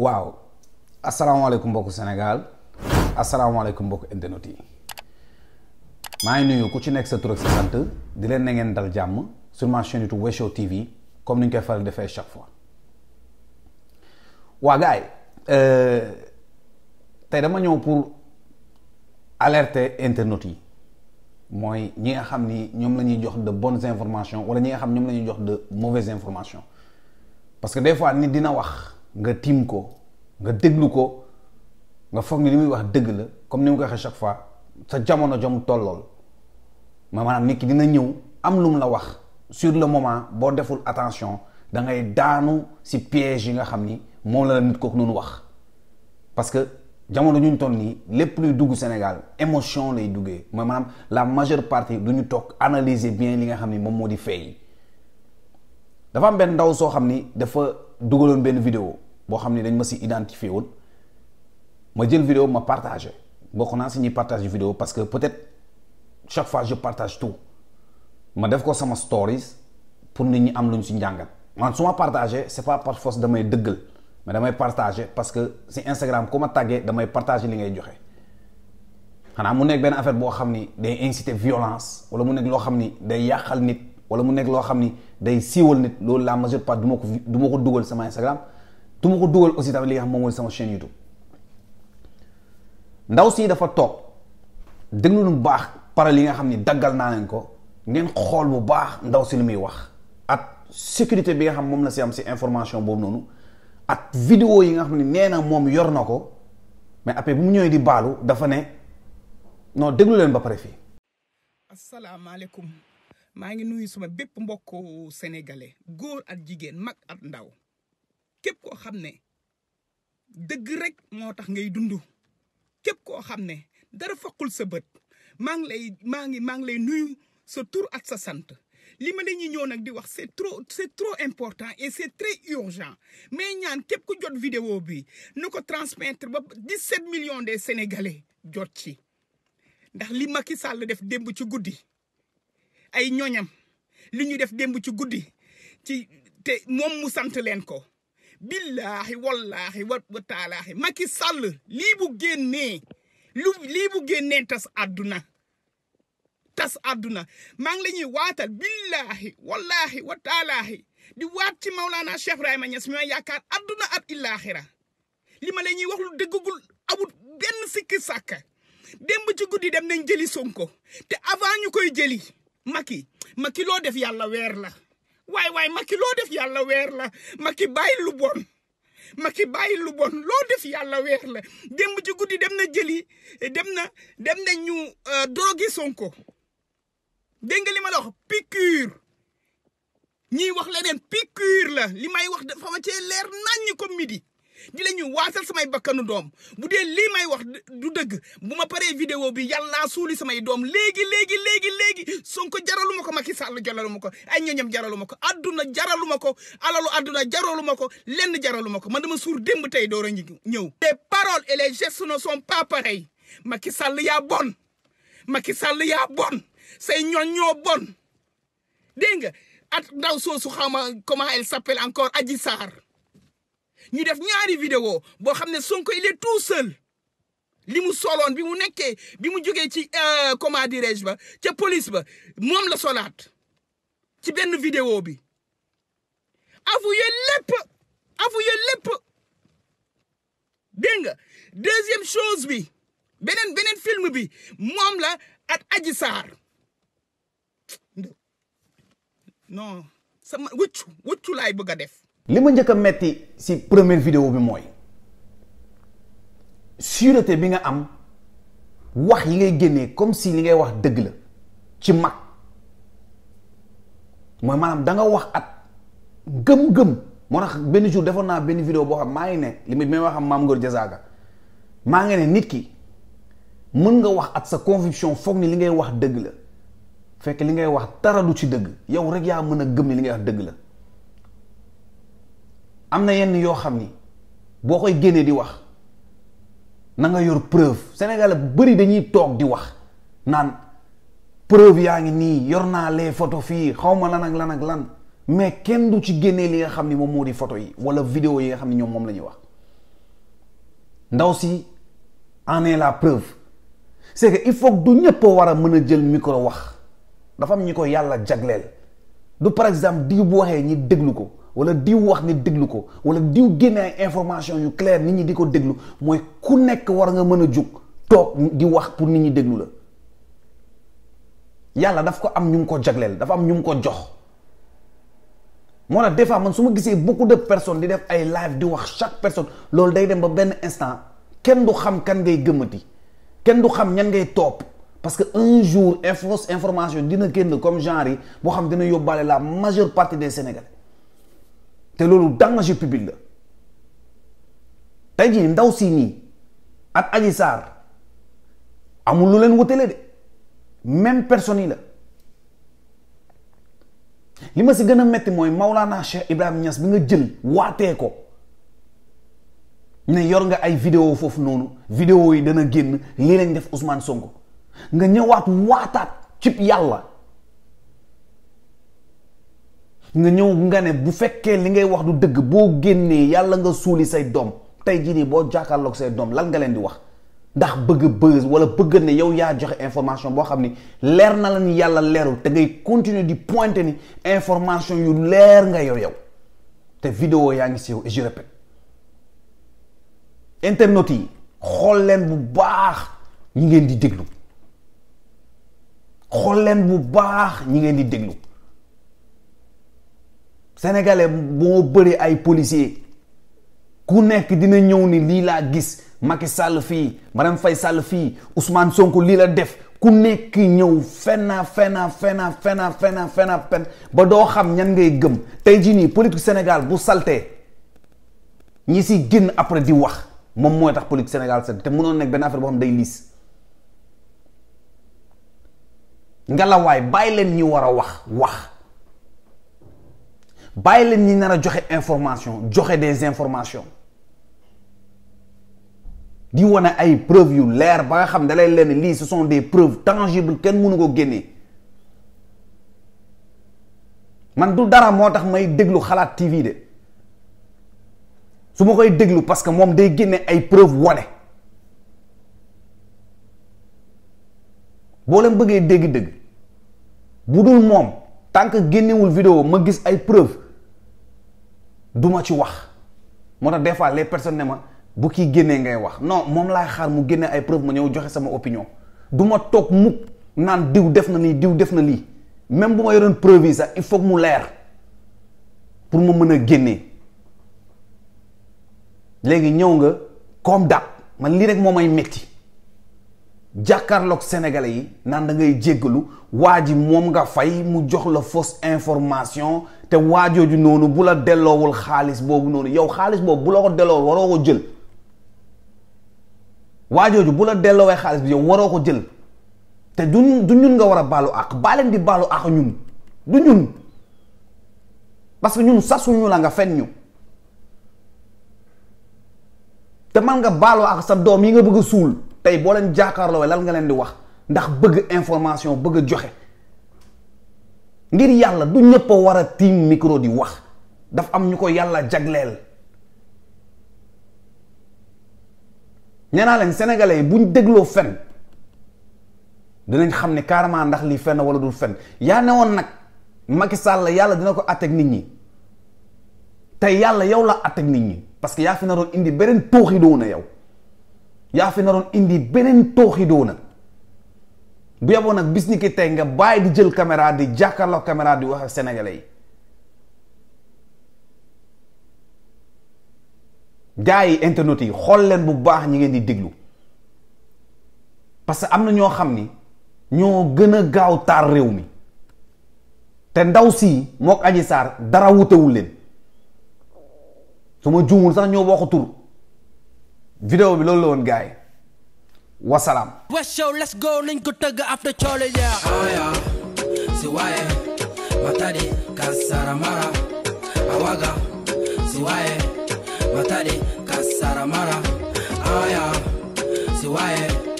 waaw asalaamaaleykum mbokku Sénégal asalaamaaleykum mbokk internet yi maa ngi nuyu ku ci nekk sa tur sa sant di leen na ngeen dal jàmm sur ma chaîne YouTube TV comme ni koy faral defee chaque fois waa gars euh, tey dama ñëw pour alerte internet yi mooy ñi nga xam ni ñoom la ñuy jox de bonnes informations wala ñi nga xam ñoom la ñuy jox de mauvaises informations parce que des fois nit dina wax. nga tiim ko nga déglu ko nga foog ni li muy wax dëgg la comme ni mu ko waxee chaque fois sa jamono jom tollool ma maanaam nit ki dina ñëw am lu mu la wax sur le moment boo deful attention da ngay daanu si piège yi nga xam ni moom la la nit kooku noonu wax parce que jamono ñu toll nii lépp luy dugg Sénégal émotion lay duggee mooy maanaam la majeure partie du ñu toog analyser bien li nga xam ni moom moo di fay dafa am benn ndaw soo xam ni dafa dugaloon benn vidéo boo xam ni dañ ma si identifié woon ma jël vidéo ma partagé bokk naa si ñuy partage vidéo parce que peut-être chaque fois je partage tout ma def ko sama stories pour nit ñi am luñ si njàngat man su ma partagé c'est pas part force damay dëggal mais damay partagé parce que si Instagram ku ma tàggee damay partagé li ngay joxe xanaa mu nekk benn affaire boo xam ni day inciter violence wala mu nekk loo xam ni day yàqal nit. wala mu nekk loo xam ni day siiwal nit loolu la majeure part du ko du ko dugal sama Instagram du ma ko dugal aussi tamit li nga xam moom mooy sama chaîne YouTube dafa toog déglu lu baax pare li nga xam ni daggal naa leen ko ngeen xool bu baax ndaw si lu muy wax ak sécurité bi nga xam moom la si am si information boobu noonu ak vidéo yi nga xam ne nee na moom yor na ko mais après bu mu ñëwee di baalu dafa ne non déglu leen ba pare fii. asalaamaaleykum. maa ngi nuyu suma bépp mbokku sénégalais góor ak jigéen mag ak ndaw képp koo xam ne dëgg rek moo tax ngay dundu képp koo xam ne dara foqul sa bët maa ngi lay maa ngi maa ngi lay nuyu sa tur ak sa sant li ma la ñuy ñëw nag di wax c'est trop c'est important et c'est très urgent mais ñaan képp ku jot vidéo bi nu ko transmettre ba 17 million des sénégalais jot ci ndax li ma Macky Sall def démb ci guddi. ay ñoñam li ñu def démb ci guddi ci te moom mu sant leen ko billaahi wallaahi wa wa Sall lii bu génnee lu lii bu génnee tas àdduna tas àdduna maa lañuy waatal billaahi wallaahi wa di waat ci Maulana Cheikh Ibrahima Niass mi ma yaakaar àdduna ak illaaxira li ma la ñuy wax lu dëggagul amul benn sikki sàkka démb ci guddi dem nañ jëli Sonko te avant koy jëli Macky Macky loo def yàlla weer na waay waay Macky loo def yàlla weer la Macky bàyyi lu bon Macky bàyyi lu bon loo def yàlla weer na démb ci guddi dem na jëli dem na dem na ñu euh, drogué Sonko dégg nga li ma la wax piqûre ñiy wax la li may wax def ma cee leer naññ comme midi. di la ñu waatal samay bakkanu doom bu dee lii may wax du dëgg bu ma paree vidéo bi yàllaa suuli samay doom léegi léegi léegi léegi Sonko jaralu ma ko Macky Sall jaralu ma ko ay ñoñam jaralu ma ko adduna jaralu ma ko alalu adduna jaralu ma ko lenn jaralu ma ko man dama suur démb tey door a ñëw les paroles et les gestes ne sont pas pareils Macky Sall yaa bon Macky Sall yaa bon say ñoñ ñoo bon dégg nga at ndaw soosu xaw ma comment elle s'appelle encore Adji Sarr ñu def ñaari vidéo boo xam ne Sonko il est tout li mu soloon bi mu nekkee bi mu jógee ci euh, comment dirais-je ba ca police ba moom la solaat ci benn vidéo bi avoué lépp avoué lépp dégg nga deuxième chose bi beneen beneen film bi moom la ak Adji Sarr non sama wëccu wëccu laay bëgg a def li ma njëkk a metti si première vidéo bi mooy sûreté bi nga am wax yi ngay génnee comme si li ngay wax dëgg la ci mag mooy maanaam da nga wax at gëm-gëm moo tax benn jour defoon naa benn vidéo boo xam maa ngi ne li may wax am Mame Ngor Diazaga maa ngi ne nit ki mën nga wax at sa conviction foog ni li ngay wax dëgg la fekk li ngay wax dara du ci dëgg yow rek yaa mën a gëm ni li ngay wax dëgg la am na yenn yoo xam ni boo koy génnee di wax na nga yor preuve Sénégal bu bëri dañuy toog di wax naan preuve yaa ngi nii yor naa les photos fii xaw ma lan ak lan ak lan mais kenn du ci génnee li nga xam ni moom moo di photo yi wala vidéo yi nga xam ni ñoom moom la ñuy wax ndaw si en est la preuve c'est que il faut que du ñëpp war a mën a jël micro wax dafa am ñi ko yàlla jagleel du par exemple di bu waxee ñi déglu ko. wala diw wax ni déglu ko wala diw génne ay information yu clair nit ñi di ko déglu mooy ku nekk war nga mën a jug toog di wax pour nit ñi déglu la yàlla daf ko am ñu mu ko jagleel dafa am ñu mu ko jox moo tax des fois man su ma gisee beaucoup de personnes di def ay live di wax chaque personne loolu day dem ba benn instant kenn du xam kan ngay gëmmati kenn du xam ñan ngay topp parce que un jour info information dina génn comme genre yi boo xam dina yóbbaale la majeure partie des Sénégalais te loolu danger public la tey jii ndaw si nii ak Adji Sarr amul lu leen wutale de même personne la li ma si gën a metti mooy Maulana Cheikh Ibrahim Niass bi nga jël waatee ko ne yor nga ay vidéo foofu noonu vidéo yi dana génn lii lañ def Ousmane songo nga ñëwaat waataat cib yàlla nga ñëw nga ne bu fekkee li ngay wax du dëgg boo génnee yàlla nga suuli say doom tey jii nii boo jàkkaarloog say doom lan nga leen di wax ndax bëgg buzz wala bëgg ne yow yaa joxe information boo xam ni leer na la ni yàlla leerul te ngay continuer di pointer ni information yu leer nga yow yow te vidéo yaa ngi si yow et internet yi xool leen bu baax ñi ngeen di déglu xool leen bu baax ñi ngeen di déglu sénégalais boo bëri ay policier ku nekk dina ñëw ni lii laa gis Macky sàll fii Marème fay sàll fii Ousmane Sonko lii la def ku nekk ñëw fena fena fena fena fena ba doo xam ñan ngay gëm tey jii nii politique Sénégal bu salte ñi si génn après di wax moom mooy tax politique Sénégal salte te mënoon nekk benn affaire boo xam day liis ngalawaay bàyyi leen ñi war a wax wax bàyyi leen ñi nar a joxe information joxe des informations di wane ay preuves yu leer ba nga xam da leen lii ce sont des preuves tangibles kenn mënu ko génnee man du dara moo tax may déglu xalaat TV de su ma koy déglu parce que moom day génne ay preuves wane boo leen bëggee dégg-dëgg bu dul moom. tant que génnewul vidéo ma gis ay preuve duma ci wax moo tax des fois les personnes ne ma bu kii génnee ngay wax no moom laay xaar mu génnee ay preuve ma ñëw joxe sama opinion duma toog mukk naan diw def na nii diw def na lii même bu ma yoroon preuve yi sax il faut mu leer pour ma mën a génnee léegi ñëw nga comme dàq man lii rek moo may métti jàkkaarloog sénégalais yi naan da ngay jéggalu waa ji moom nga fay mu jox la fausse information te waajooju noonu bu la delloowul xaalis boobu noonu yow xaalis boobu bu la ko delloowul waroo ko jël waajooju bu la delloowee xaalis bi yow waroo ko jël te du du ñun nga war a baalu ak baaleen di baalu àq ñun du ñun parce que ñun sasuñu la nga fen ñu te man nga baaloo àq sa doom yi nga bëgg a suul tey boo leen jàkkaarloo lan nga leen di wax ndax bëgg information bëgg joxe ngir yàlla du ñëpp war a tiim micro di wax daf am ñu ko yàlla jagleel. ñenaa leen sénégalais yi buñ dégloo fen dinañ xam ne carrément ndax lii fenn wala dul fen yaa ne woon nag Macky Sall yàlla dina ko àtteeg nit ñi tey yàlla yow la àtteeg nit ñi parce que yaa fi naroon indi beneen tooxi doon na yow. yaa fi naroon indi beneen tooxi doona bu yeboo nag bis ni ki tey nga bàyyi di jël caméra di jàkkaarloo caméra di wax ak sénégalais yi gars yi internet yi xool leen bu baax ñi ngeen di déglu parce que am na ñoo xam ni ñoo gën a gaaw taal réew mi te ndaw si mook Adji Sarr dara wutewul leen su ma juumul sax ñoo waxu vidéo bi loolu la woon gars yi wasalaam. Wes let's go nañ ko tëgg after coole yaa. Haya oh, si waaye matadi kasaramara awaga si waaye matadi kasaramara haya oh, si waaye.